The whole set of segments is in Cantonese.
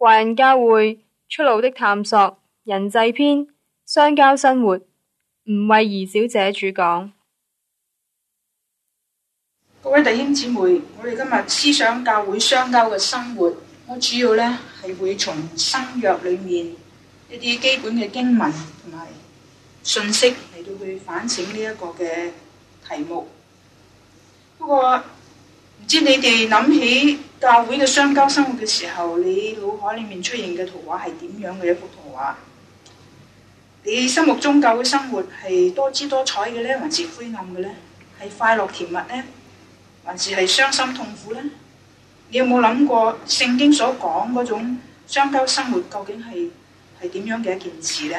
華人教會出路的探索：人際篇，相交生活。吳慧儀小姐主講。各位弟兄姊妹，我哋今日思想教會相交嘅生活，我主要咧係會從新約裏面一啲基本嘅經文同埋信息嚟到去反省呢一個嘅題目。不過。唔知你哋諗起教會嘅相交生活嘅時候，你腦海裏面出現嘅圖畫係點樣嘅一幅圖畫？你心目中教會生活係多姿多彩嘅呢？還是灰暗嘅呢？係快樂甜蜜呢？還是係傷心痛苦呢？你有冇諗過聖經所講嗰種相交生活究竟係係點樣嘅一件事呢？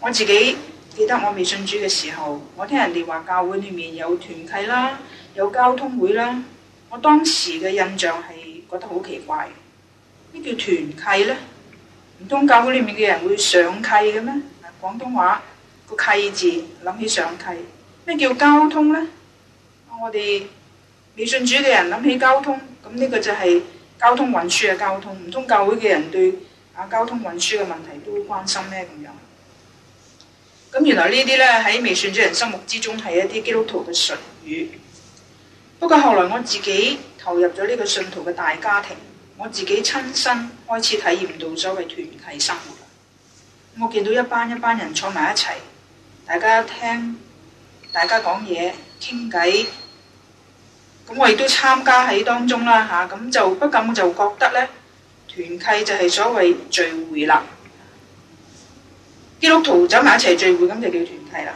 我自己記得我未信主嘅時候，我聽人哋話教會裏面有團契啦。有交通會啦，我當時嘅印象係覺得好奇怪，咩叫團契呢？唔通教會裏面嘅人會上契嘅咩？廣東話個契字諗起上契，咩叫交通呢？我哋未信主嘅人諗起交通，咁呢個就係交通運輸嘅交通，唔通教會嘅人對交通運輸嘅問題都好關心咩？咁原來這些呢啲咧喺未信主人心目之中係一啲基督徒嘅術語。不過後來我自己投入咗呢個信徒嘅大家庭，我自己親身開始體驗到所謂團契生活。我見到一班一班人坐埋一齊，大家一聽，大家講嘢、傾偈，咁我亦都參加喺當中啦。吓、啊，就不禁就覺得咧，團契就係所謂聚會啦。基督徒走埋一齊聚會，咁就叫團契啦。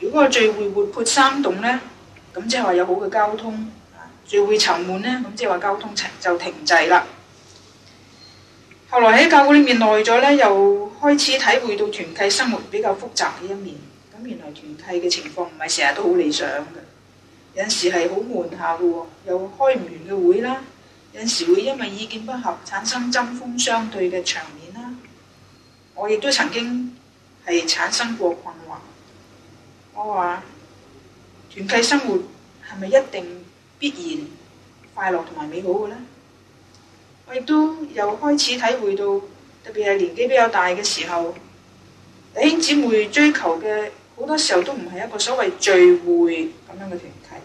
如果個聚會活潑生動咧？咁即係話有好嘅交通，聚會沉悶呢，咁即係話交通就停滯啦。後來喺教會裏面耐咗咧，又開始體會到團契生活比較複雜嘅一面。咁原來團契嘅情況唔係成日都好理想嘅，有陣時係好悶下嘅喎，又開唔完嘅會啦。有陣時會因為意見不合產生針鋒相對嘅場面啦。我亦都曾經係產生過困惑。我話。團契生活係咪一定必然快樂同埋美好嘅呢？我亦都有開始體會到，特別係年紀比較大嘅時候，弟兄姐妹追求嘅好多時候都唔係一個所謂聚會咁樣嘅團體。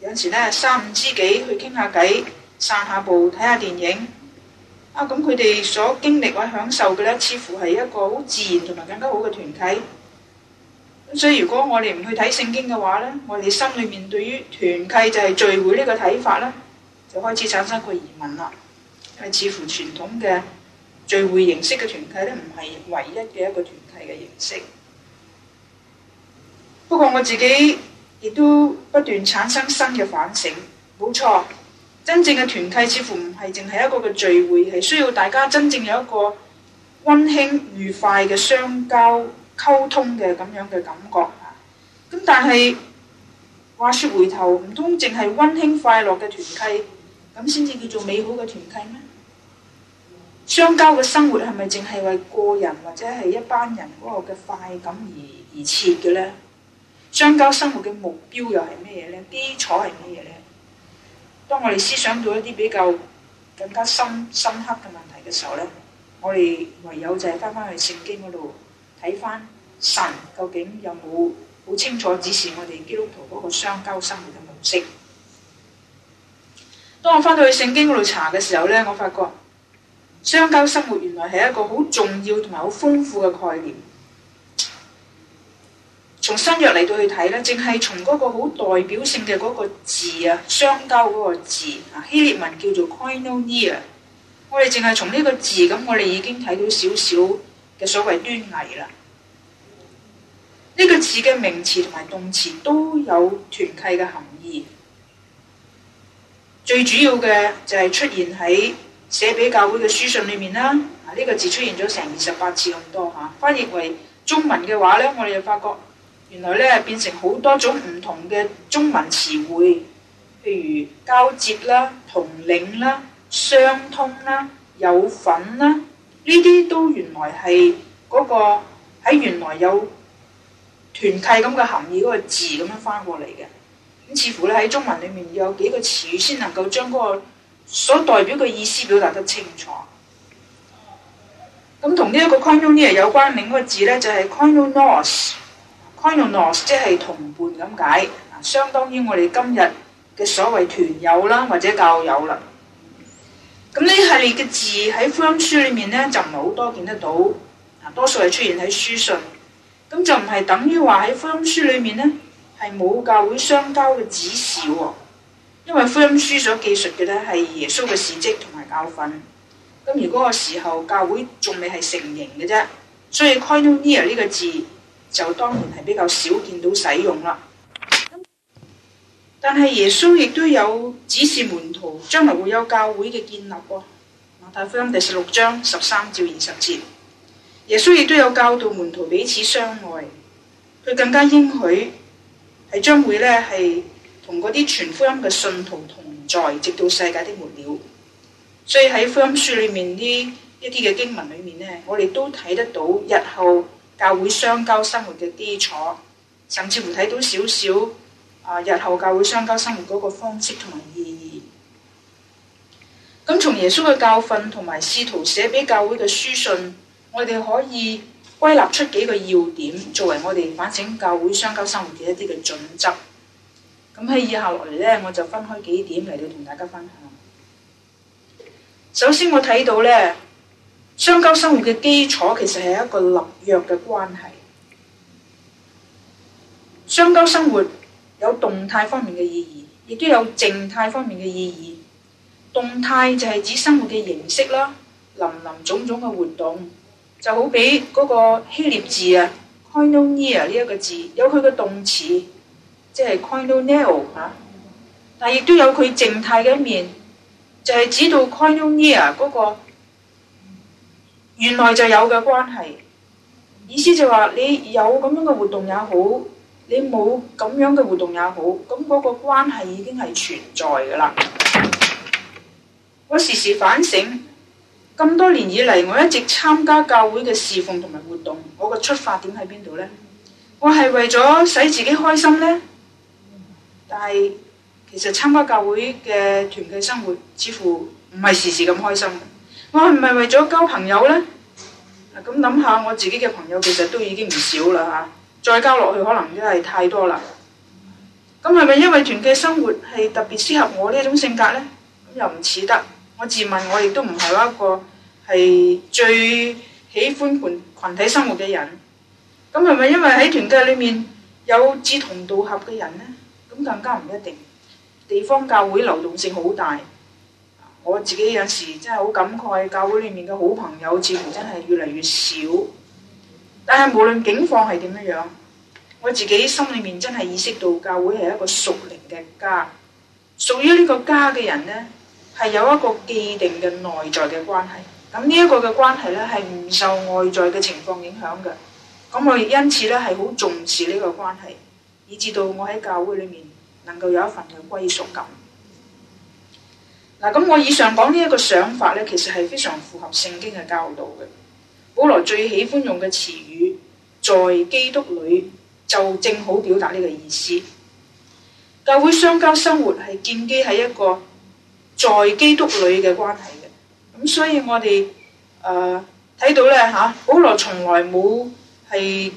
有時咧，三五知己去傾下偈、散下步、睇下電影啊！咁佢哋所經歷或享受嘅咧，似乎係一個好自然同埋更加好嘅團體。所以如果我哋唔去睇聖經嘅話呢，呢我哋心裏面對於團契就係聚會呢個睇法呢，就開始產生個疑問啦。係似乎傳統嘅聚會形式嘅團契咧，唔係唯一嘅一個團契嘅形式。不過我自己亦都不斷產生新嘅反省。冇錯，真正嘅團契似乎唔係淨係一個嘅聚會，係需要大家真正有一個溫馨愉快嘅相交。溝通嘅咁樣嘅感覺啊，咁但係話説回頭，唔通淨係溫馨快樂嘅團契，咁先至叫做美好嘅團契咩？相交嘅生活係咪淨係為個人或者係一班人嗰個嘅快感而而設嘅咧？相交生活嘅目標又係咩嘢咧？基礎係咩嘢咧？當我哋思想到一啲比較更加深深刻嘅問題嘅時候咧，我哋唯有就係返返去聖經嗰度睇返。神究竟有冇好清楚指示我哋基督徒嗰個相交生活嘅模式？當我翻到去聖經嗰度查嘅時候咧，我發覺相交生活原來係一個好重要同埋好豐富嘅概念。從新約嚟到去睇咧，淨係從嗰個好代表性嘅嗰個字啊，相交嗰個字啊，希臘文叫做 koinonia，我哋淨係從呢個字咁，我哋已經睇到少少嘅所謂端倪啦。呢個字嘅名詞同埋動詞都有團契嘅含義，最主要嘅就係出現喺寫俾教會嘅書信裏面啦。呢個字出現咗成二十八次咁多嚇。翻譯為中文嘅話呢，我哋就發覺原來呢變成好多種唔同嘅中文詞彙，譬如交接啦、同領啦、相通啦、有份啦，呢啲都原來係嗰個喺原來有。團契咁嘅含義嗰、那個字咁樣翻過嚟嘅，咁似乎咧喺中文裏面要有幾個詞語先能夠將嗰個所代表嘅意思表達得清楚。咁同呢一個 koinonia 有關另一個字咧就係、是、koinonos，koinonos 即係同伴咁解，相當於我哋今日嘅所謂團友啦或者教友啦。咁呢系列嘅字喺福音書裏面咧就唔係好多見得到，啊多數係出現喺書信。咁就唔係等於話喺福音書裏面呢，係冇教會相交嘅指示喎，因為福音書所記述嘅咧係耶穌嘅事蹟同埋教訓。咁如果個時候教會仲未係成型嘅啫，所以 koinonia 呢個字就當然係比較少見到使用啦。但係耶穌亦都有指示門徒將來會有教會嘅建立喎。馬太福音第十六章十三至二十節。耶穌亦都有教導門徒彼此相愛，佢更加應許係將會咧係同嗰啲傳福音嘅信徒同在，直到世界的末了。所以喺福音書裏面啲一啲嘅經文裏面咧，我哋都睇得到日後教會相交生活嘅基礎，甚至乎睇到少少日後教會相交生活嗰個方式同意義。咁從耶穌嘅教訓同埋使徒寫俾教會嘅書信，我哋可以歸納出幾個要點，作為我哋反省教會相交生活嘅一啲嘅準則。咁喺以下落嚟咧，我就分開幾點嚟到同大家分享。首先，我睇到咧，相交生活嘅基礎其實係一個立約嘅關係。相交生活有動態方面嘅意義，亦都有靜態方面嘅意義。動態就係指生活嘅形式啦，林林種種嘅活動。就好比嗰個希臘字啊 koinonia，呢一個字，有佢嘅動詞，即係 koinoneo 嚇，但亦都有佢靜態嘅一面，就係、是、指到 koinonia 嗰、那個、嗯、原來就有嘅關係。意思就話你有咁樣嘅活動也好，你冇咁樣嘅活動也好，咁嗰個關係已經係存在㗎啦。我時時反省。咁多年以嚟，我一直參加教會嘅侍奉同埋活動，我嘅出發點喺邊度呢？我係為咗使自己開心呢？但係其實參加教會嘅團契生活，似乎唔係時時咁開心。我係唔係為咗交朋友呢？嗱，啊，咁諗下我自己嘅朋友，其實都已經唔少啦，啊，再交落去可能真係太多啦。咁係咪因為團契生活係特別適合我呢一種性格呢？又唔似得。我自問，我亦都唔係一個係最喜歡群羣體生活嘅人。咁係咪因為喺團契裏面有志同道合嘅人呢？咁更加唔一定。地方教會流動性好大，我自己有時真係好感慨，教會裏面嘅好朋友似乎真係越嚟越少。但係無論境況係點樣，我自己心裏面真係意識到，教會係一個屬靈嘅家。屬於呢個家嘅人呢。係有一個既定嘅內在嘅關係，咁呢一個嘅關係咧係唔受外在嘅情況影響嘅。咁我亦因此咧係好重視呢個關係，以至到我喺教會裏面能夠有一份嘅歸屬感。嗱，咁我以上講呢一個想法咧，其實係非常符合聖經嘅教導嘅。保羅最喜歡用嘅詞語在基督裏，就正好表達呢個意思。教會相交生活係建基喺一個，在基督裏嘅關係嘅，咁所以我哋誒睇到咧吓，保羅從來冇係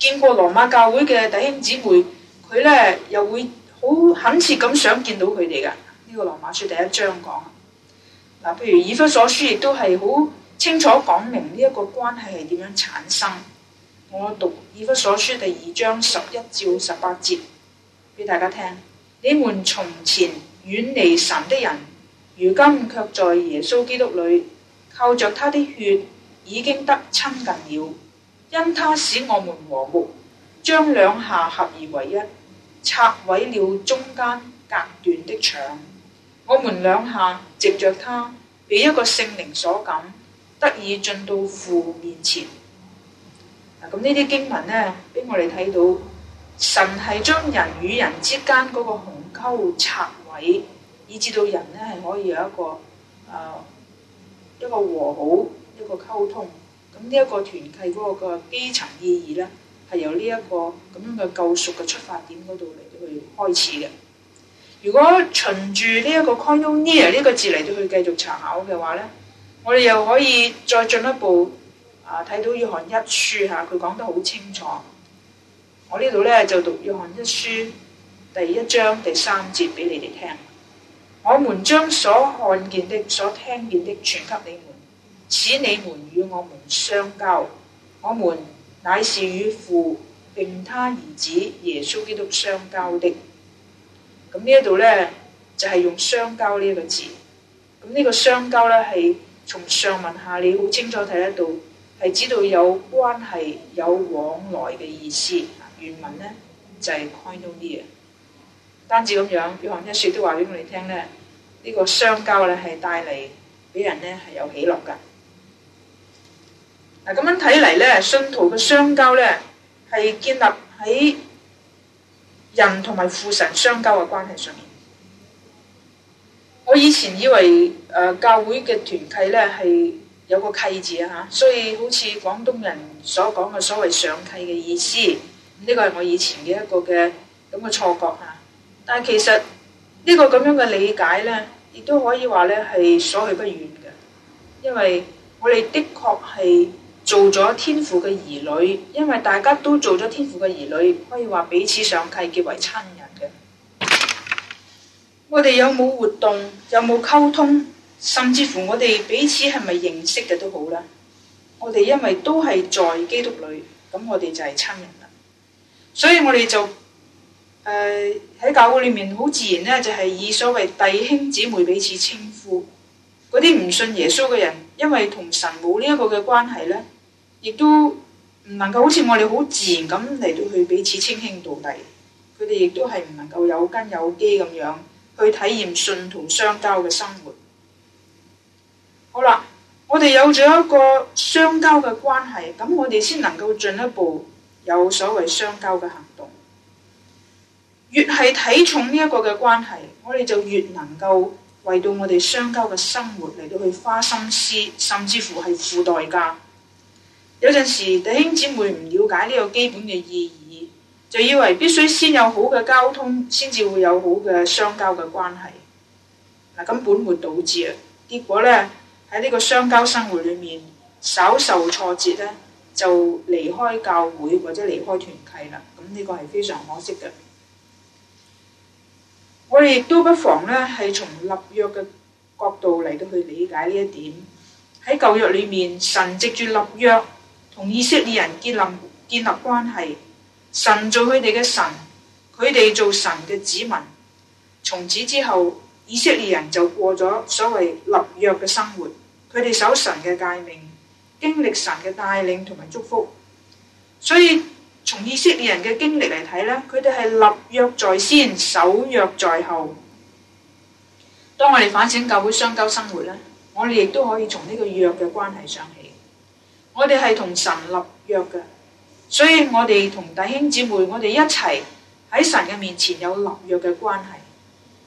見過羅馬教會嘅弟兄姊妹，佢咧又會好懇切咁想見到佢哋嘅。呢、這個羅馬書第一章講，嗱、啊，譬如以弗所書亦都係好清楚講明呢一個關係係點樣產生。我讀以弗所書第二章十一至十八節俾大家聽，你們從前。遠離神的人，如今卻在耶穌基督裏，靠着他的血已經得親近了。因他使我們和睦，將兩下合而為一，拆毀了中間隔斷的牆。我們兩下藉着他，被一個聖靈所感，得以進到父面前。嗱，咁呢啲經文呢，俾我哋睇到神係將人與人之間嗰個鴻溝拆。以至到人咧係可以有一個啊、呃、一個和好，一個溝通，咁呢一個團契嗰個嘅基層意義咧係由呢、這、一個咁樣嘅救贖嘅出發點嗰度嚟到去開始嘅。如果循住呢一個 covenant 呢個字嚟到去繼續查考嘅話咧，我哋又可以再進一步啊睇到約翰一書吓，佢講得好清楚。我呢度咧就讀約翰一書。第一章第三節俾你哋聽，我們將所看見的、所聽見的傳給你們，使你們與我們相交。我們乃是與父並他兒子耶穌基督相交的。咁呢一度呢，就係、是、用相交呢一、這個字。咁呢、這個相交呢，係從上文下，你好清楚睇得到，係指到有關係、有往來嘅意思。原文呢，就係 koinonia 單止咁樣，表行一説都話俾我哋聽咧，呢個相交咧係帶嚟俾人咧係有喜樂噶。嗱咁樣睇嚟咧，信徒嘅相交咧係建立喺人同埋父神相交嘅關係上面。我以前以為誒教會嘅團契咧係有個契字啊嚇，所以好似廣東人所講嘅所謂上契嘅意思，呢個係我以前嘅一個嘅咁嘅錯覺嚇。但其實呢、這個咁樣嘅理解呢，亦都可以話呢係所去不遠嘅，因為我哋的確係做咗天父嘅兒女，因為大家都做咗天父嘅兒女，可以話彼此上契結為親人嘅。我哋有冇活動，有冇溝通，甚至乎我哋彼此係咪認識嘅都好啦。我哋因為都係在基督裏，咁我哋就係親人啦。所以我哋就。誒，喺、uh, 教會裏面好自然呢，就係、是、以所謂弟兄姊妹彼此稱呼。嗰啲唔信耶穌嘅人，因為同神冇呢一個嘅關係呢，亦都唔能夠好似我哋好自然咁嚟到去彼此稱兄道弟。佢哋亦都係唔能夠有根有基咁樣去體驗信徒相交嘅生活。好啦，我哋有咗一個相交嘅關係，咁我哋先能夠進一步有所謂相交嘅行為。越係睇重呢一個嘅關係，我哋就越能夠為到我哋相交嘅生活嚟到去花心思，甚至乎係付代價。有陣時弟兄姊妹唔了解呢個基本嘅意義，就以為必須先有好嘅交通，先至會有好嘅相交嘅關係。嗱，根本末倒置啊。結果咧喺呢個相交生活裏面，稍受挫折咧就離開教會或者離開團契啦。咁呢個係非常可惜嘅。我哋亦都不妨咧，係從立約嘅角度嚟到去理解呢一點。喺舊約裏面，神藉住立約同以色列人建立建立關係，神做佢哋嘅神，佢哋做神嘅子民。從此之後，以色列人就過咗所謂立約嘅生活，佢哋守神嘅誡命，經歷神嘅帶領同埋祝福。所以從以色列人嘅經歷嚟睇咧，佢哋係立約在先，守約在後。當我哋反省教會相交生活咧，我哋亦都可以從呢個約嘅關係上起。我哋係同神立約嘅，所以我哋同弟兄姊妹，我哋一齊喺神嘅面前有立約嘅關係，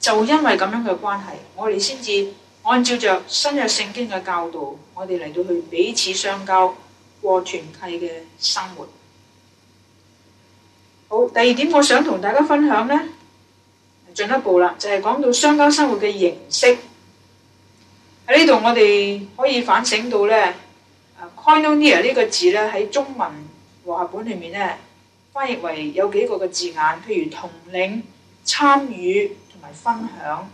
就因為咁樣嘅關係，我哋先至按照着新約聖經嘅教導，我哋嚟到去彼此相交過團契嘅生活。好，第二點我想同大家分享呢，進一步啦，就係講到相交生活嘅形式。喺呢度我哋可以反省到呢啊 koinonia 呢個字呢，喺中文和合本裏面呢，翻譯為有幾個嘅字眼，譬如同領、參與同埋分享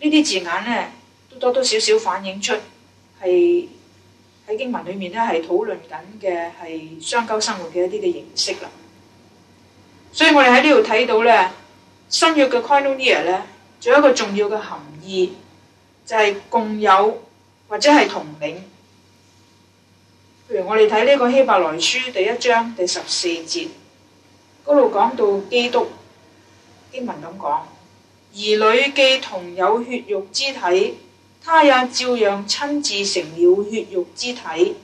呢啲字眼呢，都多多少少反映出係喺英文裏面呢，係討論緊嘅係相交生活嘅一啲嘅形式啦。所以我哋喺呢度睇到咧，新約嘅 Koinonia 咧，仲有一個重要嘅含義，就係、是、共有或者係同領。譬如我哋睇呢個希伯來書第一章第十四節，嗰度講到基督經文咁講，兒女既同有血肉之體，他也照樣親自成了血肉之體。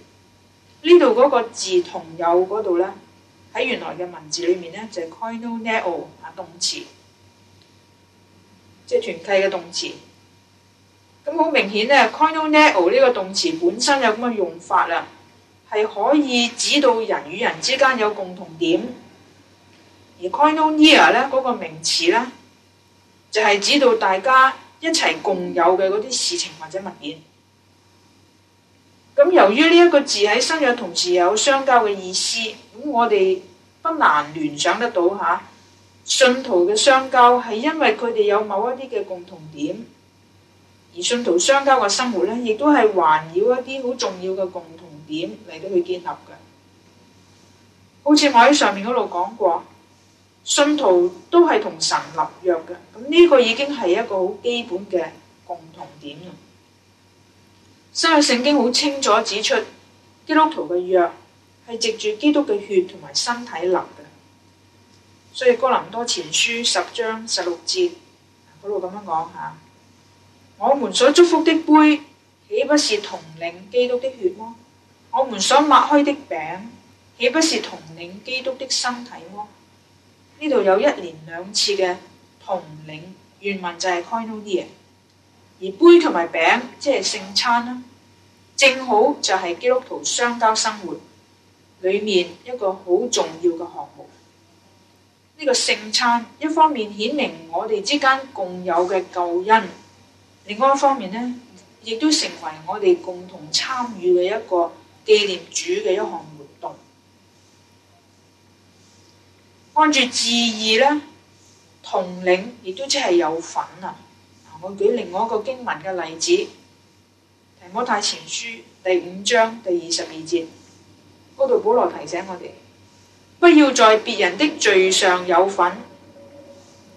呢度嗰個字同有嗰度咧。喺原來嘅文字裏面咧，就係、是、koinoneo 啊動詞，即係團契嘅動詞。咁好明顯咧 koinoneo 呢個動詞本身有咁嘅用法啦，係可以指到人與人之間有共同點。而 koinonia、那、咧嗰個名詞咧，就係、是、指到大家一齊共有嘅嗰啲事情或者物件。咁由於呢一個字喺新約同時有相交嘅意思，咁我哋不難聯想得到吓，信徒嘅相交係因為佢哋有某一啲嘅共同點，而信徒相交嘅生活咧，亦都係環繞一啲好重要嘅共同點嚟到去建立嘅。好似我喺上面嗰度講過，信徒都係同神立約嘅，咁呢個已經係一個好基本嘅共同點啦。所以聖經好清楚指出，基督徒嘅約係藉住基督嘅血同埋身體流嘅。所以哥林多前書十章十六節嗰度咁樣講下，我們所祝福的杯，豈不是同領基督的血麼？我們所抹開的餅，豈不是同領基督的身體麼？呢度有一年兩次嘅同領，原文就係 koinonia。而杯同埋餅，即係聖餐啦，正好就係基督徒相交生活裏面一個好重要嘅項目。呢個聖餐一方面顯明我哋之間共有嘅救恩，另外一方面呢，亦都成為我哋共同參與嘅一個紀念主嘅一項活動。按住字義咧，同領亦都即係有份啊！我舉另外一個經文嘅例子，《提摩太前書》第五章第二十二節，嗰度保羅提醒我哋，不要在別人的罪上有份。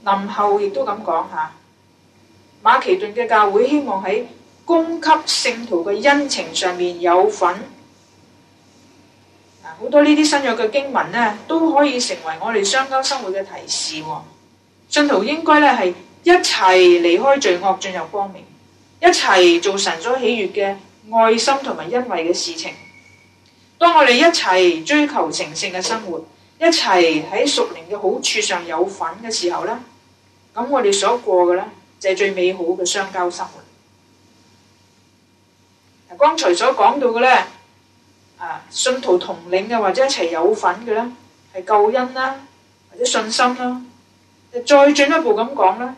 林後亦都咁講吓，馬其頓嘅教會希望喺供給聖徒嘅恩情上面有份。好多呢啲新約嘅經文呢，都可以成為我哋相交生活嘅提示喎。信徒應該咧係。一齊離開罪惡，進入光明；一齊做神所喜悅嘅愛心同埋恩惠嘅事情。當我哋一齊追求成聖嘅生活，一齊喺屬靈嘅好處上有份嘅時候咧，咁我哋所過嘅咧就係最美好嘅相交生活。嗱，剛才所講到嘅咧，啊，信徒同領嘅或者一齊有份嘅咧，係救恩啦，或者信心啦，再進一步咁講咧。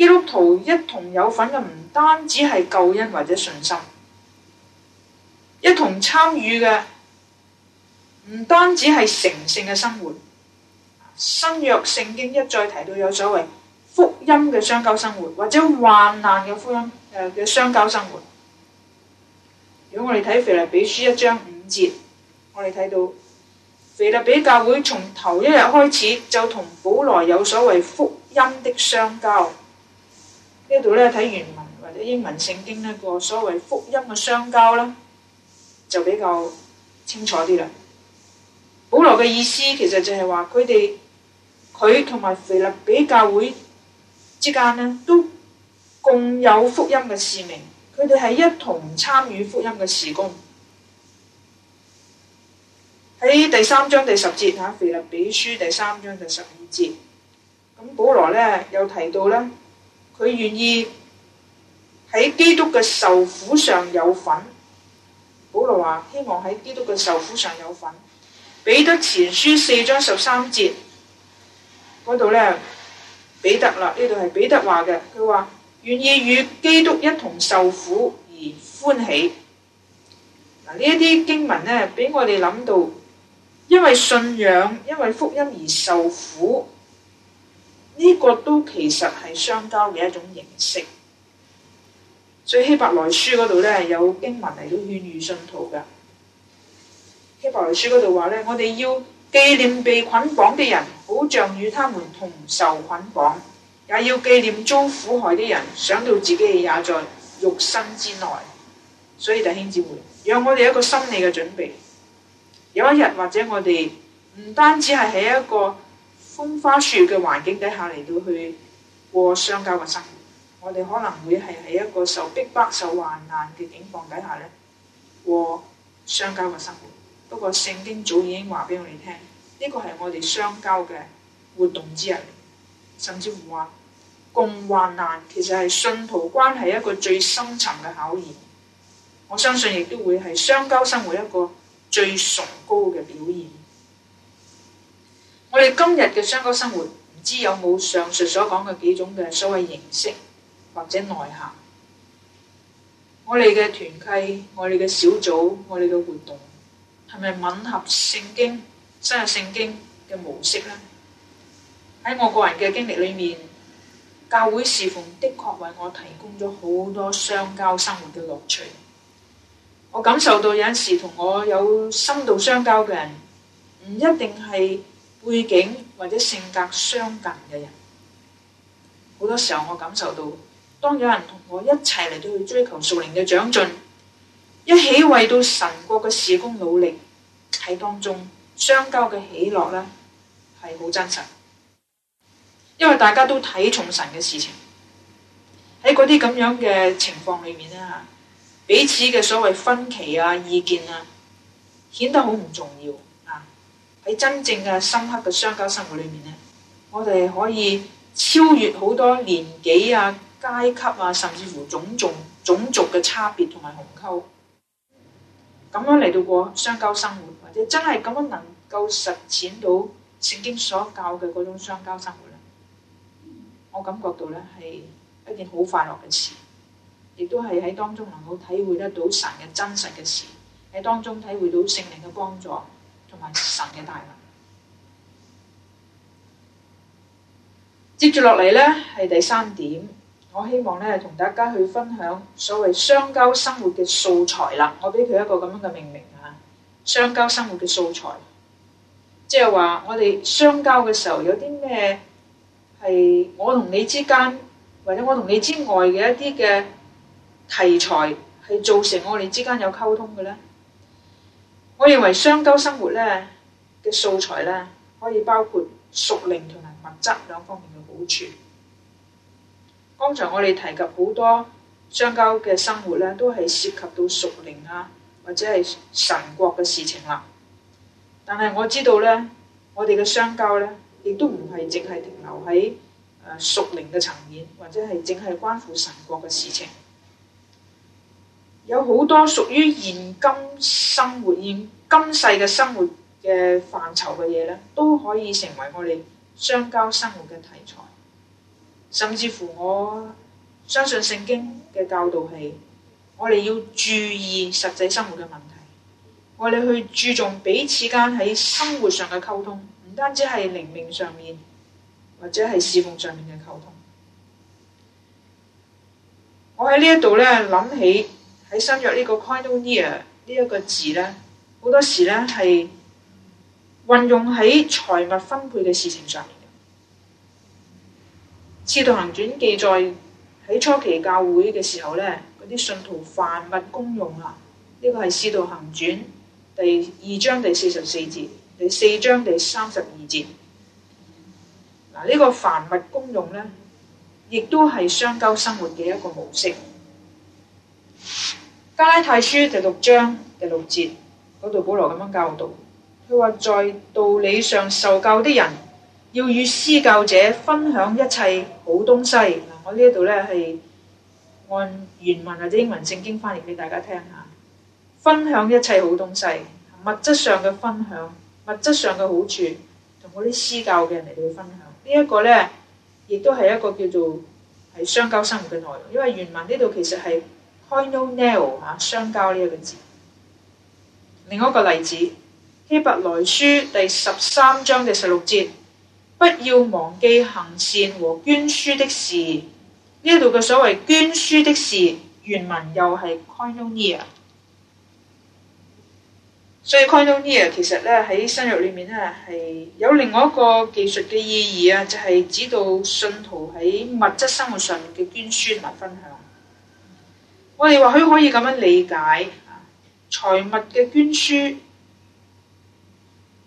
基督徒一同有份嘅唔單止係救恩或者信心，一同參與嘅唔單止係成聖嘅生活。新約聖經一再提到有所謂福音嘅相交生活，或者患難嘅福音嘅呃、相交生活。如果我哋睇腓立比書一章五節，我哋睇到腓立比教會從頭一日開始就同保羅有所謂福音的相交。呢度咧睇原文或者英文聖經咧，個所謂福音嘅相交啦，就比較清楚啲啦。保羅嘅意思其實就係話佢哋佢同埋腓立比教會之間呢，都共有福音嘅使命，佢哋係一同參與福音嘅事工。喺第三章第十節嚇，腓立比書第三章第十五節，咁保羅咧又提到咧。佢願意喺基督嘅受苦上有份。保羅話：希望喺基督嘅受苦上有份。彼得前書四章十三節嗰度咧，彼得啦，呢度係彼得話嘅，佢話願意與基督一同受苦而歡喜。嗱，呢一啲經文咧，俾我哋諗到，因為信仰，因為福音而受苦。呢個都其實係相交嘅一種形式，所以希伯來書嗰度咧有經文嚟到勸諭信徒噶。希伯來書嗰度話咧，我哋要紀念被捆綁嘅人，好像與他們同受捆綁，也要紀念遭苦害的人，想到自己也在肉身之內。所以弟兄姊妹，讓我哋有一個心理嘅準備，有一日或者我哋唔單止係喺一個。風花雪月嘅環境底下嚟到去過相交嘅生活，我哋可能會係喺一個受逼迫、受患難嘅境況底下呢，過相交嘅生活。不過聖經早已經話俾我哋聽，呢個係我哋相交嘅活動之一。甚至乎話共患難，其實係信徒關係一個最深層嘅考驗。我相信亦都會係相交生活一個最崇高嘅表現。我哋今日嘅相交生活，唔知有冇上述所講嘅幾種嘅所謂形式或者內涵？我哋嘅團契，我哋嘅小組，我哋嘅活動，係咪吻合聖經、新約聖經嘅模式呢？喺我個人嘅經歷裏面，教會侍奉的確為我提供咗好多相交生活嘅樂趣。我感受到有陣時同我有深度相交嘅人，唔一定係。背景或者性格相近嘅人，好多時候我感受到，當有人同我一齊嚟到去追求屬靈嘅長進，一起為到神國嘅事工努力，喺當中相交嘅喜樂咧，係好真實。因為大家都睇重神嘅事情，喺嗰啲咁樣嘅情況裏面啦，彼此嘅所謂分歧啊、意見啊，顯得好唔重要。喺真正嘅深刻嘅相交生活裏面咧，我哋可以超越好多年紀啊、階級啊，甚至乎種種種族嘅差別同埋鴻溝，咁樣嚟到過相交生活，或者真係咁樣能夠實踐到聖經所教嘅嗰種相交生活咧，我感覺到咧係一件好快樂嘅事，亦都係喺當中能夠體會得到神嘅真實嘅事，喺當中體會到聖靈嘅幫助。同埋神嘅大能。接住落嚟咧，係第三點，我希望咧同大家去分享所謂相交生活嘅素材啦。我俾佢一個咁樣嘅命名啊，相交生活嘅素材，即係話我哋相交嘅時候有啲咩係我同你之間，或者我同你之外嘅一啲嘅題材，係造成我哋之間有溝通嘅咧？我認為相交生活咧嘅素材咧，可以包括屬靈同埋物質兩方面嘅好處。剛才我哋提及好多相交嘅生活咧，都係涉及到屬靈啊，或者係神國嘅事情啦。但係我知道咧，我哋嘅相交咧，亦都唔係淨係停留喺誒屬靈嘅層面，或者係淨係關乎神國嘅事情。有好多屬於現今生活、現今世嘅生活嘅範疇嘅嘢咧，都可以成為我哋相交生活嘅題材。甚至乎，我相信聖經嘅教導係，我哋要注意實際生活嘅問題，我哋去注重彼此間喺生活上嘅溝通，唔單止係靈命上面或者係侍奉上面嘅溝通。我喺呢一度咧諗起。喺新約呢個 coinonia 呢、er、一個字咧，好多時咧係運用喺財物分配嘅事情上面嘅。《使徒行傳》記載喺初期教會嘅時候咧，嗰啲信徒凡物公用啊，呢、這個係《使徒行傳》第二章第四十四節、第四章第三十二節。嗱呢個凡物公用咧，亦都係相交生活嘅一個模式。加拉太書第六章第六節嗰度，保羅咁樣教導，佢話在道理上受教的人要與施教者分享一切好東西。嗱，我呢度咧係按原文或者英文聖經翻譯俾大家聽下，分享一切好東西，物質上嘅分享，物質上嘅好處，同嗰啲施教嘅人嚟到分享。這個、呢一個咧，亦都係一個叫做係相交生活嘅內容。因為原文呢度其實係。Coinonia 嚇，相交呢一個字。另外一個例子，《希伯來書》第十三章嘅十六節，不要忘記行善和捐輸的事。呢度嘅所謂捐輸的事，原文又係 Coinonia。所以 Coinonia 其實咧喺新約裏面咧係有另外一個技術嘅意義啊，就係、是、指導信徒喺物質生活上面嘅捐輸同埋分享。我哋或許可以咁樣理解，財物嘅捐輸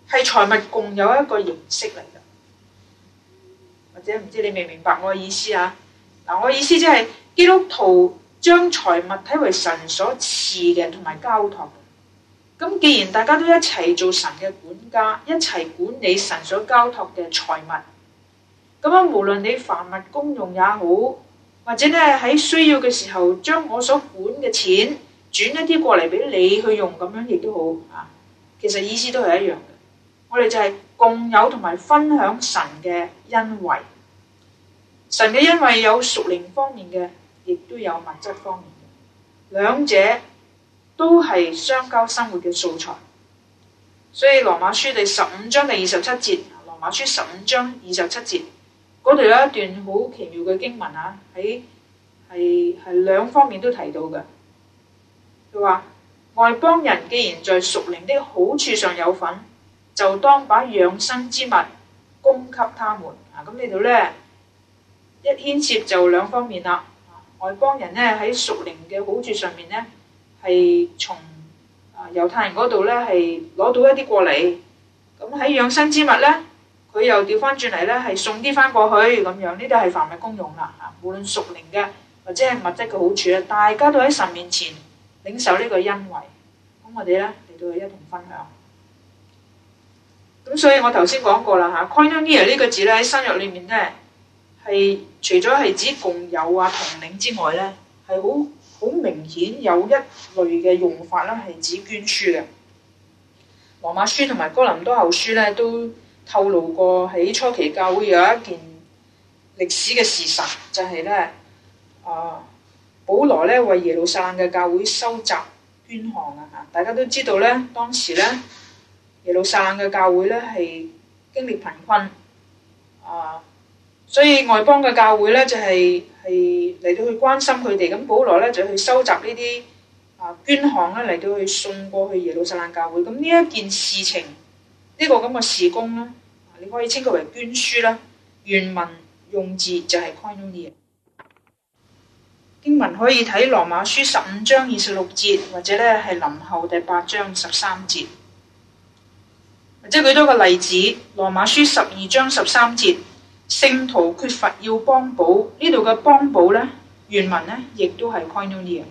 係財物共有一個形式嚟嘅，或者唔知你明唔明白我嘅意思啊？嗱，我意思即係基督徒將財物睇為神所賜嘅同埋交託嘅，咁既然大家都一齊做神嘅管家，一齊管理神所交託嘅財物，咁樣無論你凡物公用也好，或者咧喺需要嘅時候，將我所管嘅錢轉一啲過嚟俾你去用，咁樣亦都好啊。其實意思都係一樣嘅。我哋就係共有同埋分享神嘅恩惠。神嘅恩惠有屬靈方面嘅，亦都有物質方面嘅，兩者都係相交生活嘅素材。所以羅馬書第十五章第二十七節，羅馬書十五章二十七節。嗰度有一段好奇妙嘅經文啊，喺係係兩方面都提到嘅。佢話，外邦人既然在屬靈的好處上有份，就當把養生之物供給他們。啊，咁呢度咧一牽涉就兩方面啦。外邦人咧喺屬靈嘅好處上面咧，係從啊猶太人嗰度咧係攞到一啲過嚟。咁喺養生之物咧。佢又調翻轉嚟咧，係送啲翻過去咁樣，呢啲係凡物公用啦。嚇，無論屬靈嘅或者係物質嘅好處啊，大家都喺神面前領受呢個恩惠。咁我哋咧嚟到一一同分享。咁所以我頭先講過啦，嚇，koinonia 呢個字咧喺新約裏面咧係除咗係指共有啊同領之外咧，係好好明顯有一類嘅用法啦，係指捐輸嘅。羅馬書同埋哥林多後書咧都。透露過喺初期教會有一件歷史嘅事實，就係、是、咧啊，保羅咧為耶路撒冷嘅教會收集捐項啊！嚇，大家都知道咧，當時咧耶路撒冷嘅教會咧係經歷貧困啊，所以外邦嘅教會咧就係係嚟到去關心佢哋，咁保羅咧就去收集呢啲啊捐項咧嚟到去送過去耶路撒冷教會，咁呢一件事情。呢個咁嘅事工咧，你可以稱佢為捐書啦。原文用字就係 koinonia。經文可以睇羅馬書十五章二十六節，或者咧係林後第八章十三節。或者舉多個例子，羅馬書十二章十三節，聖徒缺乏要幫補，呢度嘅幫補咧，原文咧亦都係 koinonia。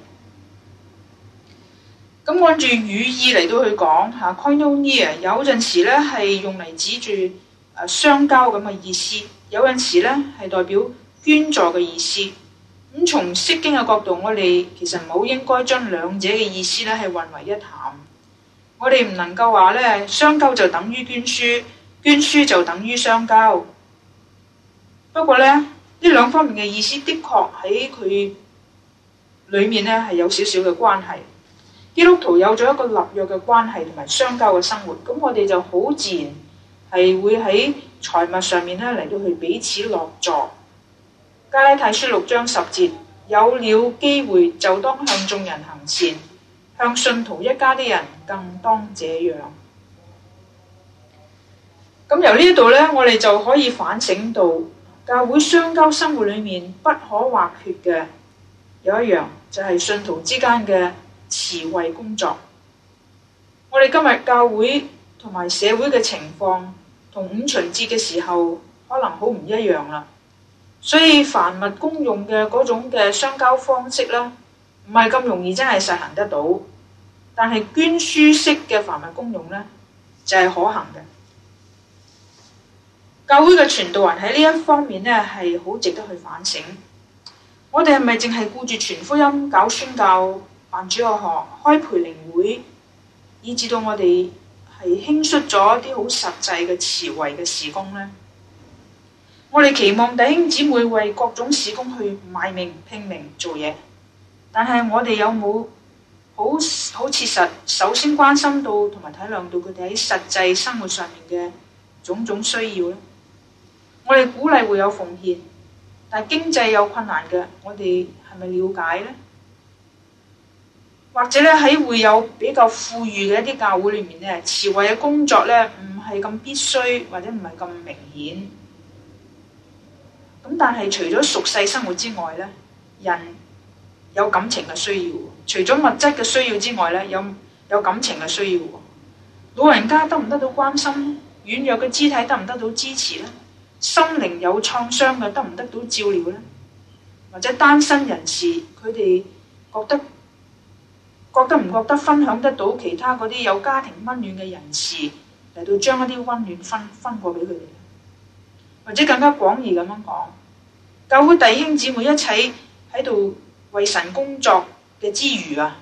咁按住語意嚟到去講嚇 koinonia 啊，有陣時咧係用嚟指住誒相交咁嘅意思，有陣時咧係代表捐助嘅意思。咁、嗯、從《釋經》嘅角度，我哋其實冇應該將兩者嘅意思咧係混為一談。我哋唔能夠話咧相交就等於捐書，捐書就等於相交。不過咧，呢兩方面嘅意思，的確喺佢裡面咧係有少少嘅關係。基督徒有咗一個立約嘅關係同埋相交嘅生活，咁我哋就好自然係會喺財物上面咧嚟到去彼此落座。加拉太書六章十節，有了機會就當向眾人行善，向信徒一家啲人更當這樣。咁由呢一度咧，我哋就可以反省到教會相交生活裏面不可或缺嘅，有一樣就係信徒之間嘅。慈惠工作，我哋今日教會同埋社會嘅情況，同五旬節嘅時候可能好唔一樣啦。所以凡物公用嘅嗰種嘅相交方式咧，唔係咁容易真係實行得到。但係捐書式嘅凡物公用咧，就係可行嘅。教會嘅傳道人喺呢一方面咧，係好值得去反省。我哋係咪淨係顧住傳福音搞宣教？辦主學校開培靈會，以致到我哋係輕率咗一啲好實際嘅慈惠嘅事工咧。我哋期望弟兄姊妹為各種事工去賣命、拼命做嘢，但係我哋有冇好好切實首先關心到同埋體諒到佢哋喺實際生活上面嘅種種需要咧？我哋鼓勵會有奉獻，但係經濟有困難嘅，我哋係咪了解咧？或者喺會有比較富裕嘅一啲教會裏面咧，慈惠嘅工作咧唔係咁必須，或者唔係咁明顯。咁但係除咗俗世生活之外咧，人有感情嘅需要，除咗物質嘅需要之外咧，有有感情嘅需要。老人家得唔得到關心咧？軟弱嘅肢體得唔得到支持咧？心靈有創傷嘅得唔得到照料咧？或者單身人士佢哋覺得？覺得唔覺得分享得到其他嗰啲有家庭溫暖嘅人士嚟到將一啲溫暖分分過俾佢哋，或者更加廣義咁樣講，教會弟兄姊妹一齊喺度為神工作嘅之餘啊，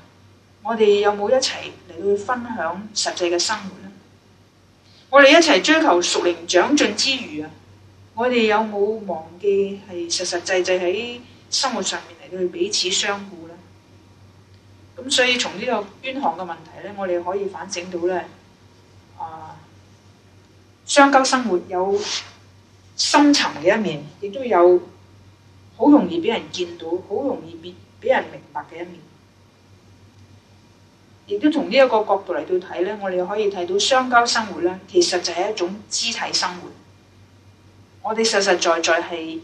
我哋有冇一齊嚟去分享實際嘅生活呢？我哋一齊追求屬靈長進之餘啊，我哋有冇忘記係實實在在喺生活上面嚟到彼此相顧？咁所以從呢個冤行嘅問題咧，我哋可以反省到咧，啊，相交生活有深層嘅一面，亦都有好容易俾人見到，好容易變俾人明白嘅一面。亦都從呢一個角度嚟到睇咧，我哋可以睇到相交生活咧，其實就係一種肢體生活。我哋實實在在係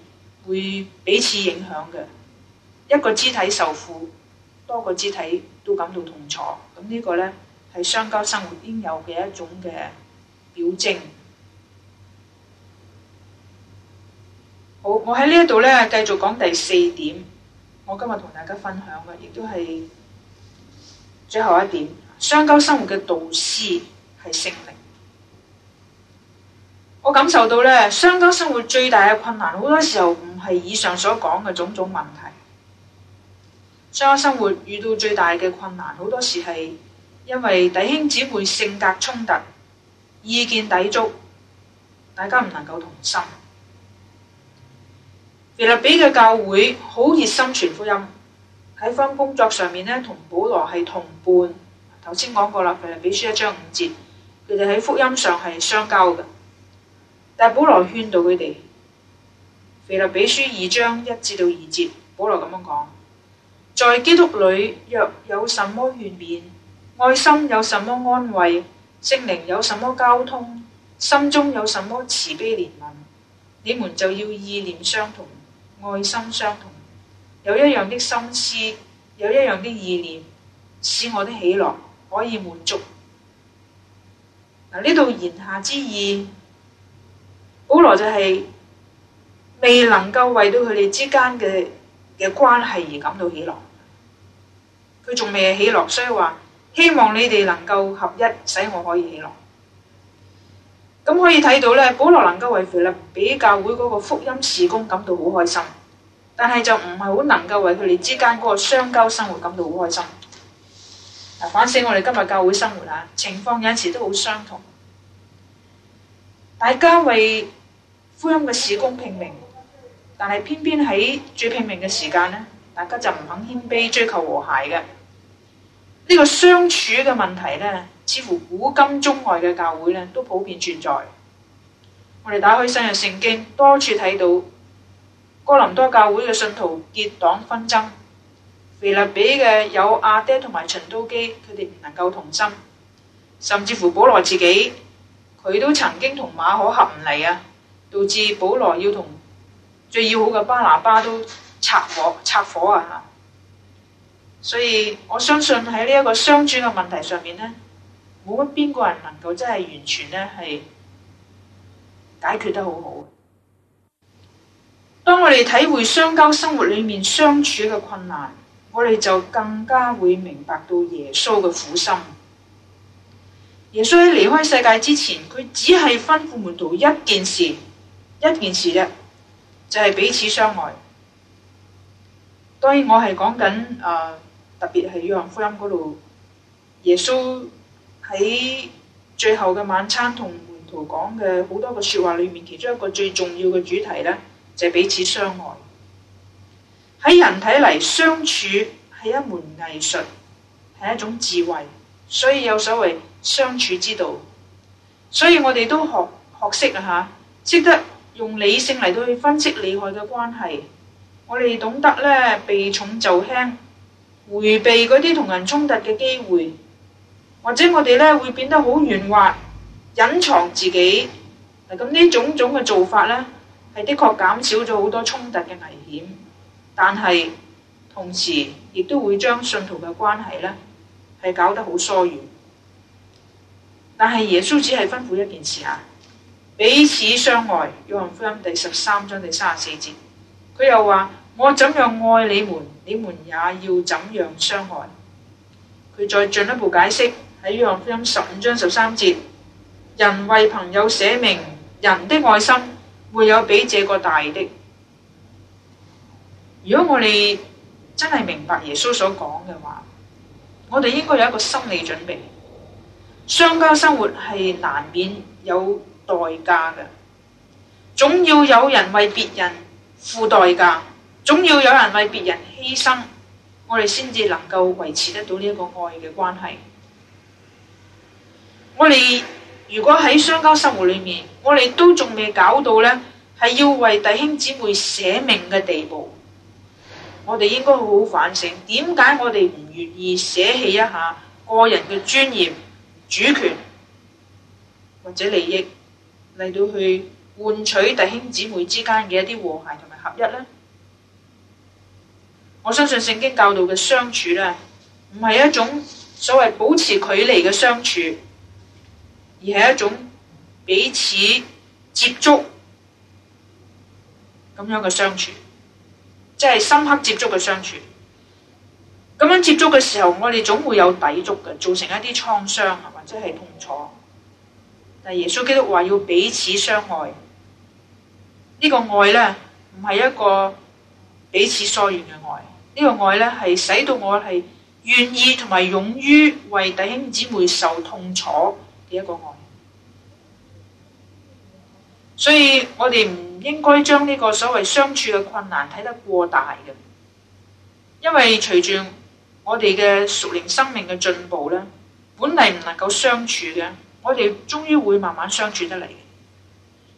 會彼此影響嘅，一個肢體受苦。多個肢體都感到痛楚，咁呢個咧係相交生活應有嘅一種嘅表徵。好，我喺呢一度咧繼續講第四點，我今日同大家分享嘅，亦都係最後一點，相交生活嘅導師係聖靈。我感受到咧，相交生活最大嘅困難，好多時候唔係以上所講嘅種種問題。家生活遇到最大嘅困難，好多時係因為弟兄姊妹性格衝突、意見抵觸，大家唔能夠同心。腓立比嘅教會好熱心傳福音，喺份工作上面呢，同保羅係同伴。頭先講過啦，腓立比書一章五節，佢哋喺福音上係相交嘅，但係保羅勸導佢哋。腓立比書二章一至到二節，保羅咁樣講。在基督裏若有什麼勸勉，愛心有什麼安慰，聖靈有什麼交通，心中有什麼慈悲憐憫，你們就要意念相同，愛心相同，有一樣的心思，有一樣的意念，使我的喜樂可以滿足。嗱，呢度言下之意，保羅就係未能夠為到佢哋之間嘅嘅關係而感到喜樂。佢仲未起落，所以話希望你哋能夠合一，使我可以起落。咁可以睇到咧，保羅能夠為腓立比教會嗰個福音事工感到好開心，但係就唔係好能夠為佢哋之間嗰個相交生活感到好開心。嗱，反正我哋今日教會生活啊，情況有陣時都好相同，大家為福音嘅事工拼命，但係偏偏喺最拼命嘅時間咧。大家就唔肯謙卑、追求和諧嘅呢個相處嘅問題呢，似乎古今中外嘅教會呢都普遍存在。我哋打開新約聖經，多處睇到哥林多教會嘅信徒結黨紛爭，腓立比嘅有阿爹同埋秦都基，佢哋唔能夠同心，甚至乎保羅自己，佢都曾經同馬可合唔嚟啊，導致保羅要同最要好嘅巴拿巴都。拆火，拆火啊！所以我相信喺呢一個相處嘅問題上面呢，冇乜邊個人能夠真係完全呢係解決得好好。當我哋體會相交生活裏面相處嘅困難，我哋就更加會明白到耶穌嘅苦心。耶穌喺離開世界之前，佢只係吩咐門徒一件事，一件事啫，就係、是、彼此相愛。所以我係講緊誒，特別係《約翰福音》嗰度，耶穌喺最後嘅晚餐同門徒講嘅好多個説話裏面，其中一個最重要嘅主題咧，就係彼此相愛。喺人睇嚟，相處係一門藝術，係一種智慧，所以有所謂相處之道。所以我哋都學學識啊，嚇，識得用理性嚟到去分析利害嘅關係。我哋懂得咧避重就輕，回避嗰啲同人衝突嘅機會，或者我哋咧會變得好圓滑，隱藏自己。咁呢種種嘅做法咧，係的確減少咗好多衝突嘅危險，但係同時亦都會將信徒嘅關係咧係搞得好疏遠。但係耶穌只係吩咐一件事啊：彼此相愛。約翰福音第十三章第三十四節。佢又話：我怎樣愛你們，你們也要怎樣相愛。佢再進一步解釋喺《約翰福音》十五章十三節：人為朋友捨命，人的愛心，沒有比這個大的。如果我哋真係明白耶穌所講嘅話，我哋應該有一個心理準備，相交生活係難免有代價嘅，總要有人為別人付代價，總要有人為別人犧牲，我哋先至能夠維持得到呢一個愛嘅關係。我哋如果喺相交生活裏面，我哋都仲未搞到呢係要為弟兄姊妹捨命嘅地步，我哋應該好好反省，點解我哋唔願意捨棄一下個人嘅尊嚴、主權或者利益嚟到去換取弟兄姊妹之間嘅一啲和諧同埋，合一咧，我相信聖經教導嘅相處咧，唔係一種所謂保持距離嘅相處，而係一種彼此接觸咁樣嘅相處，即係深刻接觸嘅相處。咁樣接觸嘅時候，我哋總會有抵觸嘅，造成一啲創傷啊，或者係痛楚。但耶穌基督話要彼此相愛，呢、這個愛咧。唔係一個彼此疏遠嘅愛，呢個愛呢，係使到我係願意同埋勇於為弟兄姊妹受痛楚嘅一個愛。所以我哋唔應該將呢個所謂相處嘅困難睇得過大嘅，因為隨住我哋嘅屬靈生命嘅進步呢，本嚟唔能夠相處嘅，我哋終於會慢慢相處得嚟。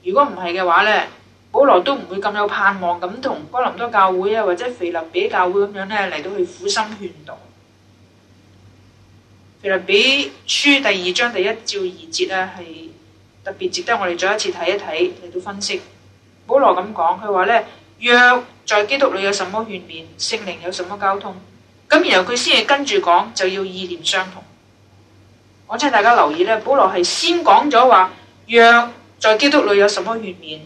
如果唔係嘅話呢，保羅都唔會咁有盼望咁同哥林多教會啊，或者腓立比教會咁樣咧嚟，到去苦心勸導。腓立比書第二章第一至二節咧係特別值得我哋再一次睇一睇嚟到分析。保羅咁講佢話咧，若在基督裏有什麼勸勉，聖靈有什麼交通，咁然後佢先係跟住講就要意念相同。我請大家留意呢，保羅係先講咗話若在基督裏有什麼勸勉。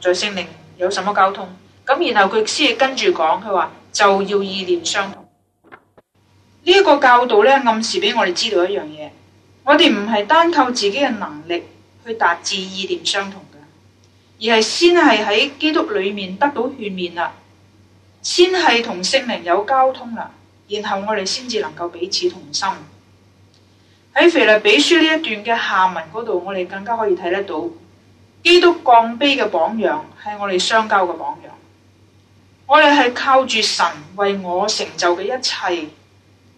在聖靈有什麼交通？咁然後佢先跟住講，佢話就要意念相同。呢一個教導咧，暗示俾我哋知道一樣嘢：我哋唔係單靠自己嘅能力去達至意念相同噶，而係先係喺基督裏面得到勸勉啦，先係同聖靈有交通啦，然後我哋先至能夠彼此同心。喺腓立比書呢一段嘅下文嗰度，我哋更加可以睇得到。基督降卑嘅榜樣係我哋相交嘅榜樣，我哋係靠住神為我成就嘅一切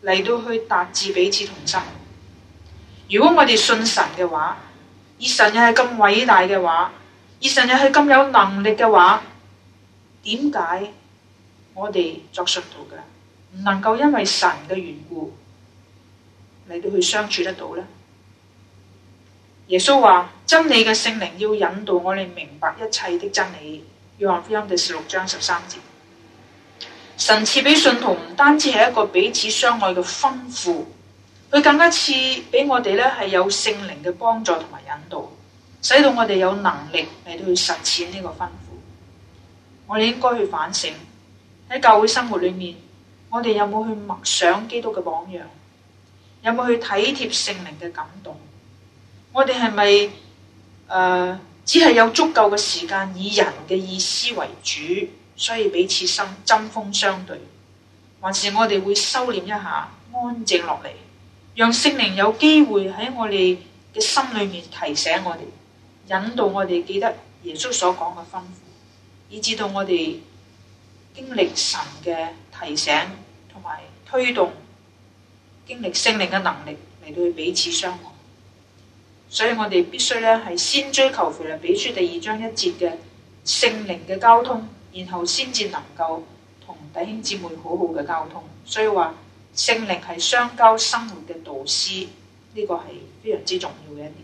嚟到去達至彼此同心。如果我哋信神嘅話，而神又係咁偉大嘅話，而神又係咁有能力嘅話，點解我哋作信徒嘅唔能夠因為神嘅緣故嚟到去相處得到咧？耶穌話：真理嘅聖靈要引導我哋明白一切的真理。約翰福音第十六章十三節。神賜俾信徒唔單止係一個彼此相愛嘅吩咐，佢更加賜俾我哋咧，係有聖靈嘅幫助同埋引導，使到我哋有能力嚟到去實踐呢個吩咐。我哋應該去反省喺教會生活裏面，我哋有冇去默想基督嘅榜樣，有冇去體貼聖靈嘅感動？我哋係咪誒，只係有足夠嘅時間以人嘅意思為主，所以彼此心針鋒相對，還是我哋會收斂一下，安靜落嚟，讓聖靈有機會喺我哋嘅心裏面提醒我哋，引導我哋記得耶穌所講嘅吩咐，以致到我哋經歷神嘅提醒同埋推動，經歷聖靈嘅能力嚟到彼此相愛。所以我哋必須咧係先追求回《腓立比書》第二章一節嘅聖靈嘅交通，然後先至能夠同弟兄姊妹好好嘅交通。所以話聖靈係相交生活嘅導師，呢個係非常之重要嘅一點。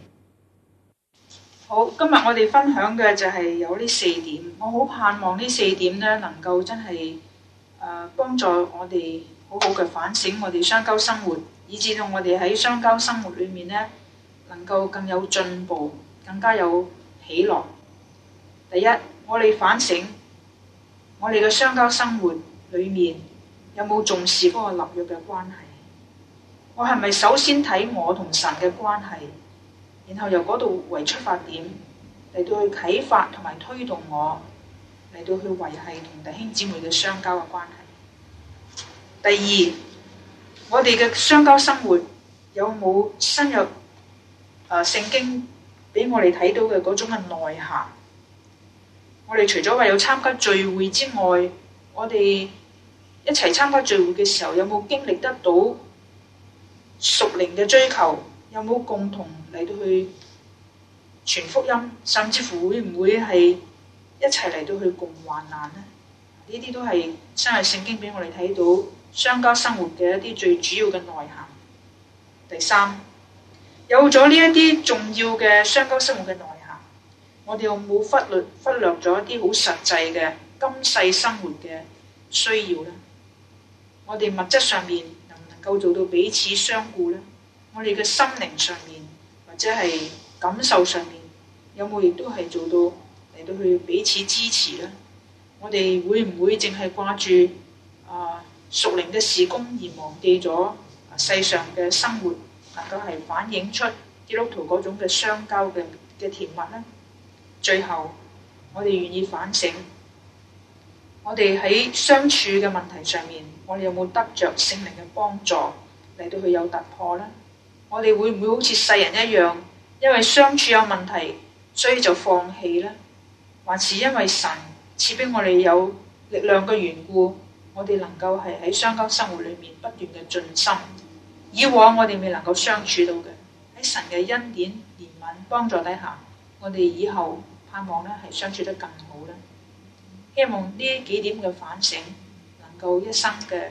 好，今日我哋分享嘅就係有呢四點，我好盼望呢四點咧能夠真係誒幫助我哋好好嘅反省我哋相交生活，以至到我哋喺相交生活裏面咧。能夠更有進步，更加有喜樂。第一，我哋反省我哋嘅相交生活裏面有冇重視嗰個立約嘅關係。我係咪首先睇我同神嘅關係，然後由嗰度為出發點嚟到去啟發同埋推動我嚟到去維繫同弟兄姊妹嘅相交嘅關係。第二，我哋嘅相交生活有冇深入？誒、啊、聖經畀我哋睇到嘅嗰種嘅內涵，我哋除咗話有參加聚會之外，我哋一齊參加聚會嘅時候，有冇經歷得到屬靈嘅追求？有冇共同嚟到去傳福音？甚至乎會唔會係一齊嚟到去共患難呢？呢啲都係真係聖經畀我哋睇到相交生活嘅一啲最主要嘅內涵。第三。有咗呢一啲重要嘅相交生活嘅內涵，我哋有冇忽略忽略咗一啲好實際嘅今世生活嘅需要咧？我哋物質上面能唔能夠做到彼此相顧咧？我哋嘅心靈上面或者係感受上面有冇亦都係做到嚟到去彼此支持咧？我哋會唔會淨係掛住啊屬靈嘅事工而忘記咗、啊、世上嘅生活？能夠係反映出基督徒嗰種嘅相交嘅嘅甜蜜呢。最後，我哋願意反省，我哋喺相處嘅問題上面，我哋有冇得着聖靈嘅幫助嚟到去有突破呢？我哋會唔會好似世人一樣，因為相處有問題，所以就放棄呢？還是因為神賜俾我哋有力量嘅緣故，我哋能夠係喺相交生活裏面不斷嘅進心？以往我哋未能夠相處到嘅，喺神嘅恩典、憐憫、幫助底下，我哋以後盼望咧係相處得更好咧。希望呢幾點嘅反省能夠一生嘅。